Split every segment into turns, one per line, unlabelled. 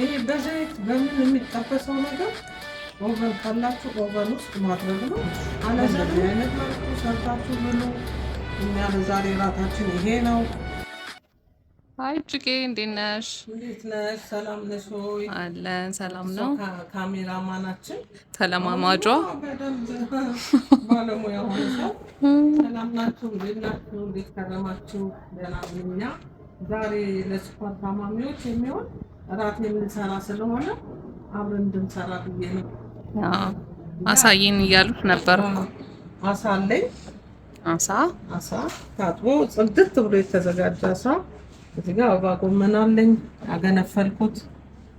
ይሄ በዘይት በምን የሚጠበሰው ነገር ኦቨን ካላችሁ ኦቨን ውስጥ ማድረግ ነው። አለዛ አይነት መልኩ ሰርታችሁ ብሉ። እኛ ለዛሬ ይሄ ነው።
አይ ጭቄ እንዴት ነሽ?
እንዴት ነሽ? ሰላም ነሽ ሆይ?
አለን ሰላም ነው።
ካሜራማናችን
ተለማማጇ
በደንብ ባለሙያ ሰላም ናችሁ? እንዴት ናችሁ? እንዴት ከረማችሁ? ደህና ዛሬ ለስኳር ታማሚዎች የሚሆን እራት የምንሰራ ስለሆነ አብረን እንድንሰራ ብዬ ነው።
አሳይን እያሉት ነበር። አሳ አለኝ። አሳ
አሳ ታጥቦ ጽድት ብሎ የተዘጋጀ አሳ። እዚህ ጋር አበባ ጎመን አለኝ ያገነፈልኩት።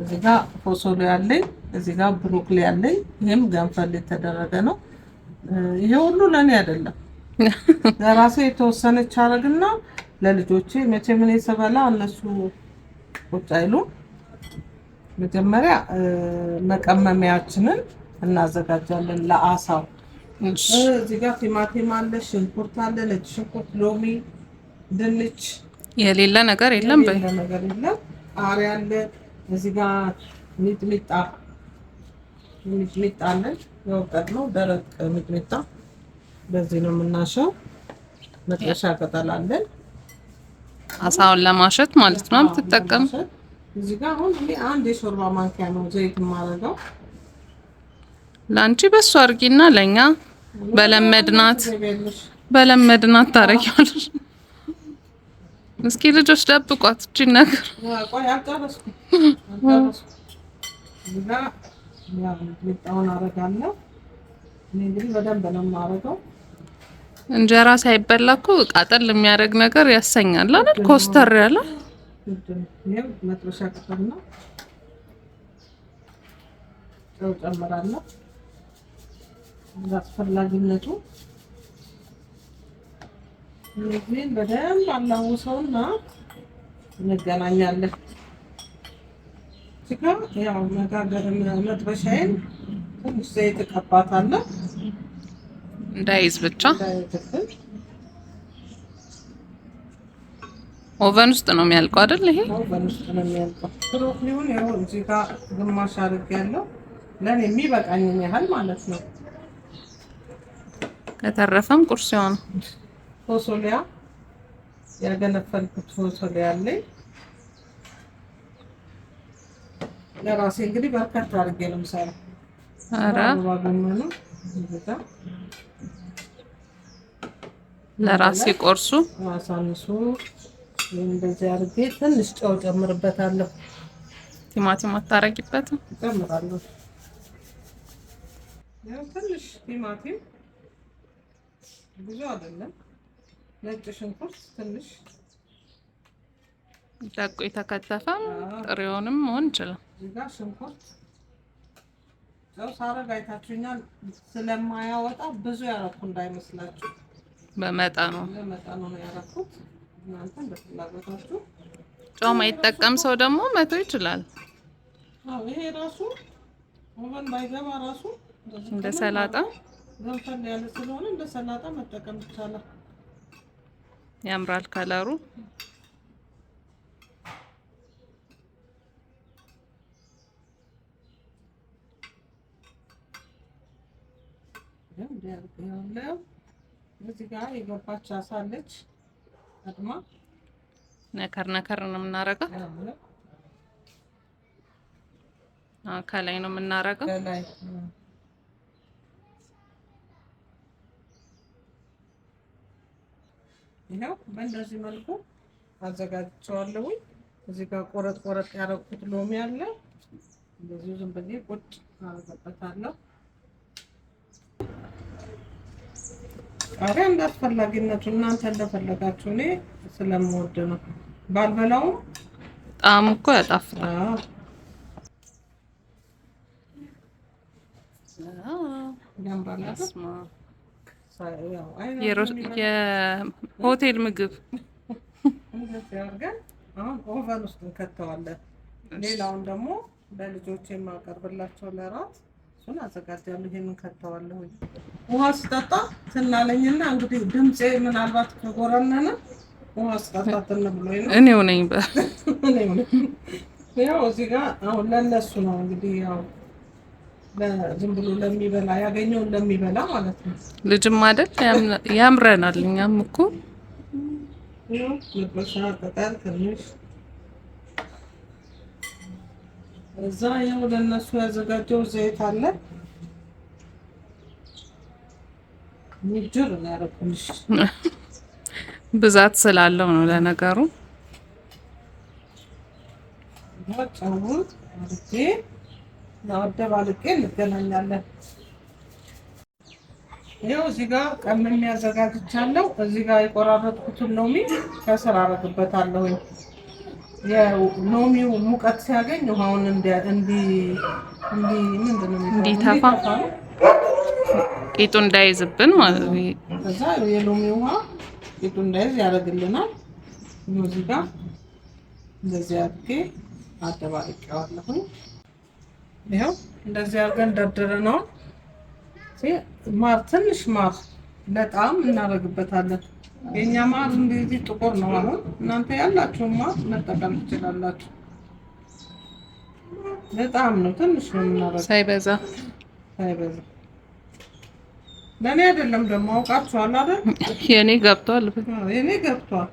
እዚህ ጋር ፎሶሎ ያለኝ፣ እዚህ ጋር ብሮኮሊ ያለኝ። ይህም ገንፈል የተደረገ ነው። ይሄ ሁሉ ለእኔ አይደለም ለራሴ የተወሰነች አረግና ለልጆቼ መቼ ምን ስበላ እነሱ ቁጭ አይሉም። መጀመሪያ መቀመሚያችንን እናዘጋጃለን ለአሳው። እዚህ ጋር ቲማቲም አለ፣ ሽንኩርት አለ፣ ነጭ ሽንኩርት፣ ሎሚ፣ ድንች፣
የሌለ ነገር የለም፣ የሌለ
ነገር የለም። ቃሪያ አለ። እዚህ ጋር ሚጥሚጣ ሚጥሚጣ አለን። የወቀድ ነው ደረቅ ሚጥሚጣ። በዚህ ነው የምናሸው። መጥበሻ ቅጠል አለን፣
አሳውን ለማሸት ማለት ነው የምትጠቀም
እዚህ ጋር አሁን አንድ የሾርባ ማንኪያ ነው ዘይት የማደርገው።
ለአንቺ በሱ አድርጊና ለኛ በለመድናት በለመድናት ታረጊዋለሽ። እስኪ ልጆች ደብቋት እቺ ነገር እንጀራ ሳይበላ እኮ ቃጠል የሚያደርግ ነገር ያሰኛል አይደል? ኮስተር ያለ
ይህም መጥበሻ ቅጠል ነው። ጨው ጨምራለሁ አስፈላጊነቱ። እነዚህን በደንብ አላውሰውና እንገናኛለን። ስጋ ያው መጋገር መጥበሻዬን ትንሽ ዘይት እቀባታለሁ
እንዳይዝ ብቻ ኦቨን ውስጥ ነው የሚያልቀው አይደል? ይሄ
ኦቨን ውስጥ ነው የሚያልቀው። ብሮኮሊውን ያው እዚህ ጋር ግማሽ አድርግ ያለው ለኔ የሚበቃኝ ያህል ማለት ነው።
ከተረፈም ቁርስ ይሆን
ፎሶሊያ ያገነፈልኩት ፎሶሊያ አለኝ ለራሴ እንግዲህ በርካታ አድርጌ ነው የምሰራው።
ኧረ ለራሴ ቆርሱ
አሳንሱ እንደዚህ አድርጌ ትንሽ ጨው ጨምርበታለሁ።
ቲማቲም አታረቂበትም?
ጨምራለሁ። ያው ትንሽ ቲማቲም ብዙ አይደለም። ነጭ ሽንኩርት ትንሽ
ዳቆ የተከተፈም ጥሬውንም መሆን ይችላል።
እዚህ ሽንኩርት ያው ሳረግ አይታችሁኛል። ስለማያወጣ ብዙ ያረኩ እንዳይመስላችሁ በመጠኑ በመጠኑ ነው ያረኩት። እናንተም በፍላጎታችሁ
ጨው ሰው ደግሞ መቶ ይችላል።
አዎ ይሄ ራሱ ኦቨን ባይገባ ራሱ
እንደ ሰላጣ
ገንፈል ያለ ስለሆነ እንደ ሰላጣ መጠቀም ይቻላል።
ያምራል ከለሩ።
እዚህ ጋር የገባች አሳለች
ነከር ነከር ነው የምናረገው። ከላይ ነው የምናረገው።
ይኸው በእንደዚህ መልኩ አዘጋጅቼዋለሁ። እዚህ ጋር ቆረጥ ቆረጥ ያደረኩት ሎሚ አለ። እንደዚህ ዝም ብዬ ቁጭ አደርግበታለሁ። አረ እንዳስፈላጊነቱ እናንተ እንደፈለጋችሁ። እኔ ስለምወድ ነው ባልበላውም፣
ጣም እኮ ያጣፍጣል። የሆቴል ምግብ
እንደዚህ አሁን ኦቨን ውስጥ እንከተዋለን። ሌላውን ደግሞ ለልጆች የማቀርብላቸው ለራት እሱን አዘጋጃለሁ። ይሄንን ከተዋለሁ ውሃ ስጠጣ ትናለኝና እንግዲህ ድምፄ ምናልባት ከጎረነነ ውሃ ስጠጣ ትን ብሎ ነው። እኔው ነኝ ያው እዚህ ጋር አሁን ለነሱ ነው እንግዲህ ያው ዝም ብሎ ለሚበላ ያገኘውን ለሚበላ ማለት ነው።
ልጅም አይደል ያምረናል። እኛም እኮ
መጥበሻ ቅጠል ትንሽ እዛ ያው ለነሱ ያዘጋጀው ዘይት አለ። ሚጅር ነው ያደረኩልሽ።
ብዛት ስላለው ነው ለነገሩ።
ጨውን አድርጌ አደባልቄ እንገናኛለን። ይኸው እዚህ ጋር ቀምሜ ያዘጋጅቻለሁ። እዚህ ጋር የቆራረጥኩትን ሎሚ ከስር አደርግበታለሁኝ። ሎሚው ሙቀት ሲያገኝ ውሃውን እንዲተፋ
ቂጡ እንዳይዝብን ማለት ነው።
ከዛ የሎሚ ውሃ ቂጡ እንዳይዝ ያደርግልናል። እዚህ ጋር እንደዚህ አድርጌ አደባልቄዋለሁኝ። ይኸው እንደዚህ አድርገን ደርድረነዋል። ማር ትንሽ ማር ለጣም እናደርግበታለን። የእኛ ማር እንደዚህ ጥቁር ነው። አሁን እናንተ ያላችሁን ማር መጠቀም ትችላላችሁ። በጣም ነው ትንሽ ነው የምናደርገው፣ ሳይበዛ ሳይበዛ። ለእኔ አይደለም ደግሞ አውቃችኋል አይደል?
የእኔ ገብቷል፣
የእኔ ገብቷል።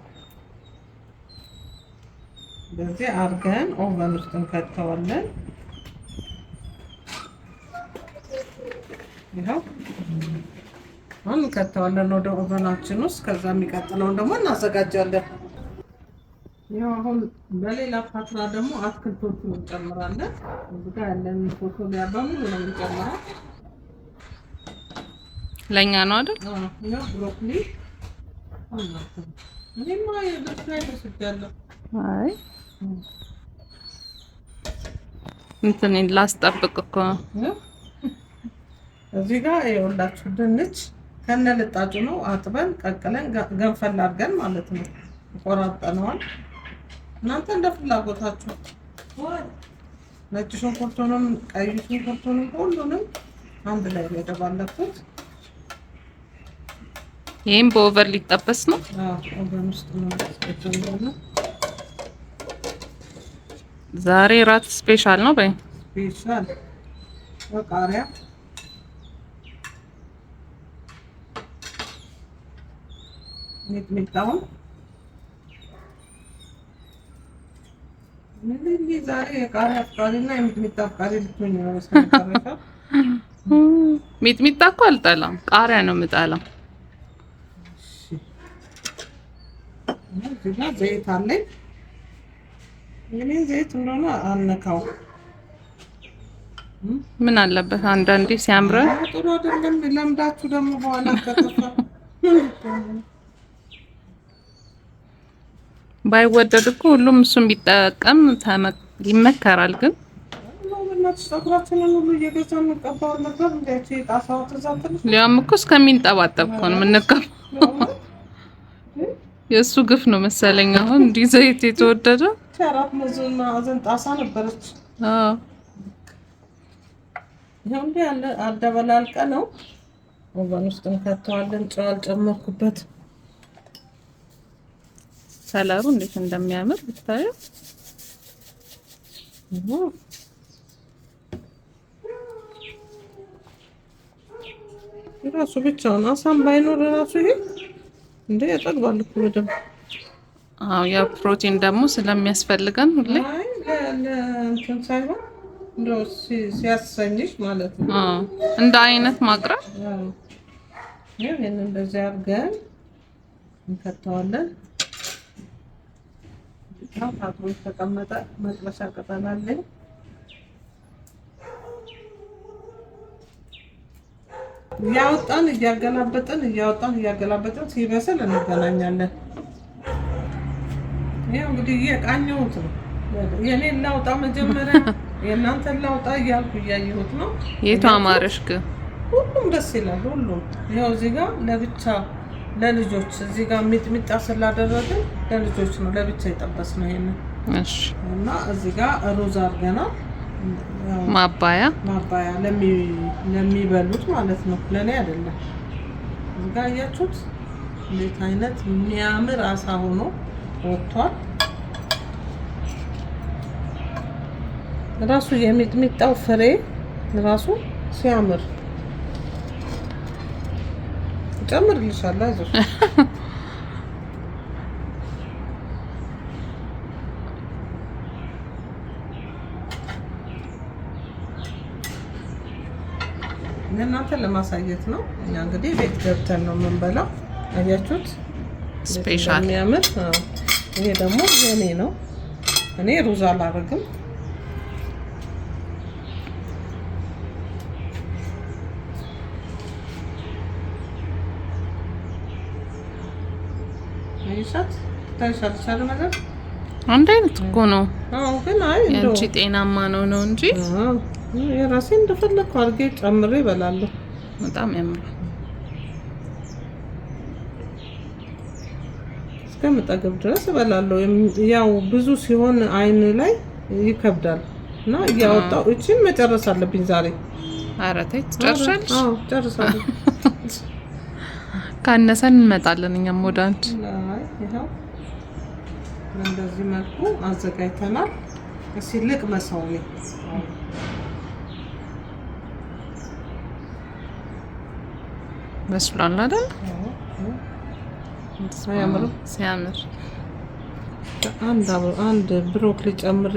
በዚህ አድርገን ኦቨን ውስጥ እንከተዋለን። ይኸው አሁን እንከተዋለን ወደ ኦቨናችን ውስጥ። ከዛ የሚቀጥለውን ደግሞ እናዘጋጃለን። ያው አሁን በሌላ ፓትራ ደግሞ አትክልቶቹ እንጨምራለን። እዚጋ ያለን ፎቶ ሊያ በሙሉ ነው የምንጨምረው።
ለእኛ ነው አይደል?
ያው ብሮኮሊ እኔማ የደስታ ይመስዳለሁ።
አይ እንትን ላስጠብቅ እኮ ነው።
እዚህ ጋር ይኸውላችሁ ድንች ከነ ልጣጩ ነው አጥበን ቀቅለን ገንፈል አድርገን ማለት ነው ቆራጠነዋል እናንተ እንደ ፍላጎታችሁ ነጭ ሽንኩርቱንም ቀይ ሽንኩርቱንም ሁሉንም አንድ ላይ ነው የደባለኩት።
ይህም በኦቨር ሊጠበስ ነው።
ኦቨን ውስጥ ነው።
ዛሬ ራት ስፔሻል ነው። በይ
ስፔሻል በቃሪያ ሚጥሚጣውን ዛሬ የቃሪያ አፍቃሪና የሚጥሚጣ አፍቃሪ ልትሆኝ ነው።
ሚጥሚጣ እኮ አልጠላም፣ ቃሪያ ነው የምጠላው።
ዘይት አለኝ። እኔ ዘይት እንደሆነ
ምን አለበት አንዳንዴ ሲያምረ
ጥሩ አይደለም። ለምዳችሁ ደግሞ በኋላ
ባይወደድ እኮ ሁሉም እሱን ቢጠቀም ይመከራል። ግን ሊያም እኮ እስከሚንጠባጠብ እኮ ነው የምንቀባው። የእሱ ግፍ ነው መሰለኝ አሁን እንዲህ ዘይት የተወደደ
ጣሳ ነበረች። አደበላልቀ ነው ወበን ውስጥ እንከተዋለን። ጨው ጨመርኩበት።
ከለሩ እንዴት እንደሚያምር ብታዩ
ራሱ ብቻውን አሳም ባይኖር ራሱ ይሄ እንደ ያጠግባል እኮ በደምብ።
አዎ ያው ፕሮቲን ደግሞ ስለሚያስፈልገን ሁሌ
ለእንትን ሳይሆን እንደው ሲያሰኝሽ ማለት
ነው። እንደ አይነት ማቅረብ
ይሄን እንደዚህ አድርገን እንከተዋለን። ብቻው ታጥቦ የተቀመጠ መጥበሻ ቅጠል አለኝ። እያወጣን እያገላበጥን እያወጣን እያገላበጥን ሲበስል እንገናኛለን። ይኸው እንግዲህ እየቃኘሁት ነው። የኔን ላውጣ መጀመሪያ የእናንተን ላውጣ እያልኩ እያየሁት ነው።
የቱ አማረሽ?
ሁሉም ደስ ይላል። ሁሉም ይኸው እዚህ ጋር ለብቻ ለልጆች እዚህ ጋር ሚጥሚጣ ስላደረግን ለልጆች ነው ለብቻ የጠበስ ነው ይሄንን እና እዚህ ጋር ሩዝ አድርገናል። ማባያ ማባያ ለሚበሉት ማለት ነው፣ ለእኔ አይደለም። እዚህ ጋር እያችሁት እንዴት አይነት የሚያምር አሳ ሆኖ ወጥቷል። ራሱ የሚጥሚጣው ፍሬ ራሱ ሲያምር ጨምርልሻለሁ። አይዞሽ እናንተ ለማሳየት ነው። እኛ እንግዲህ ቤት ገብተን ነው የምንበላው። አያችሁት? ስፔሻል የሚያምር ይሄ ደግሞ የኔ ነው። እኔ ሩዝ አላደርግም።
አንድ አይነት እኮ ነው። ያንቺ ጤናማ ነው ነው እንጂ
የራሴ እንደፈለግኩ አድርጌ ጨምሬ እበላለሁ።
በጣም ያምራል።
እስከምጠግብ ድረስ እበላለሁ። ያው ብዙ ሲሆን አይን ላይ ይከብዳል እና እያወጣሁ እቺን መጨረስ አለብኝ ዛሬ።
ኧረ ተይ ትጨርሻለሽ።
ጨርሳለሁ
ካነሰን እንመጣለን እኛም ወደ አንቺ።
በእንደዚህ መልኩ አዘጋጅተናል። እስኪ ልቅ መሰው
መስሏል አይደል?
ሲያምር አንድ ብሮክሊ አንድ ብሮኮሊ ጨምሬ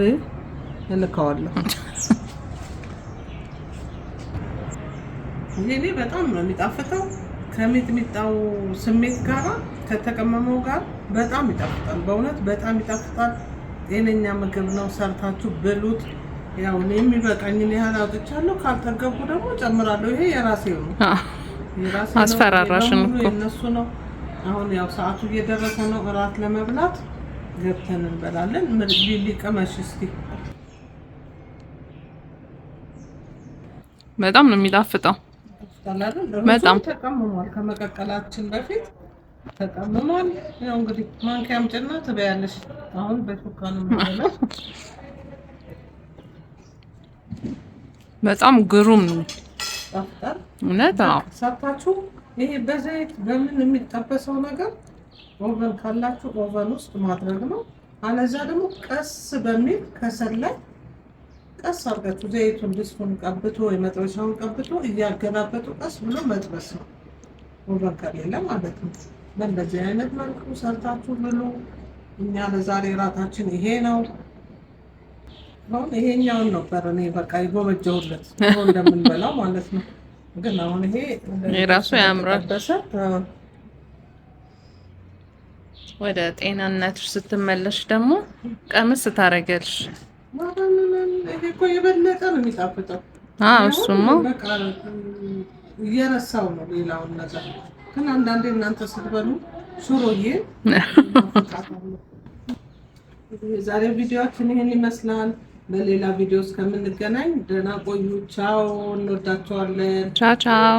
እልከዋለሁ። በጣም ነው የሚጣፍጠው። ከሚጥሚጣው ስሜት ጋር ከተቀመመው ጋር በጣም ይጣፍጣል። በእውነት በጣም ይጣፍጣል። ጤነኛ ምግብ ነው። ሰርታችሁ ብሉት። ያው የሚበቃኝን ያህል አውጥቻለሁ። ካልጠገብኩ ደግሞ ጨምራለሁ። ይሄ የራሴ ነው።
አስፈራራሽን
እኮ ነው። አሁን ያው ሰዓቱ እየደረሰ ነው። እራት ለመብላት ገብተን እንበላለን። ሊቀመሽ እስኪ
በጣም ነው የሚጣፍጠው።
በጣም ተቀምሟል። ከመቀቀላችን በፊት ተቀምሟል። ያው እንግዲህ ማንኪያም ጭና ትበያለሽ። አሁን በሹካ ነው
በጣም ግሩም ነው። እውነት
ሰርታችሁ ይሄ በዘይት በምን የሚጠበሰው ነገር ኦቨን ካላችሁ ኦቨን ውስጥ ማድረግ ነው። አለዛ ደግሞ ቀስ በሚል ከሰል ላይ ቀስ አድርጋችሁ ዘይቱን ድስቱን ቀብቶ የመጥበሻውን ቀብቶ እያገላበጡ ቀስ ብሎ መጥበስ ነው። ወበን ከሌለ ማለት ነው። በእንደዚህ አይነት መልኩ ሰርታችሁ ብሉ። እኛ ለዛሬ ራታችን ይሄ ነው። አሁን ይሄኛውን ነበር እኔ በቃ የጎመጀሁለት እንደምንበላው ማለት ነው። ግን አሁን ይሄ
ራሱ ያምራል። ወደ ጤናነት ስትመለሽ ደግሞ ቀምስ ታረገልሽ።
ቅቤ እኮ የበለጠ ነው የሚጣፍጠው። እሱማ እየረሳው ነው ሌላውን ነገር። ግን አንዳንዴ እናንተ ስትበሉ ሽሮዬ የዛሬ ቪዲዮችን ይህን ይመስላል። በሌላ ቪዲዮ እስከምንገናኝ ደህና ቆዩ። ቻው፣ እንወዳቸዋለን።
ቻው ቻው።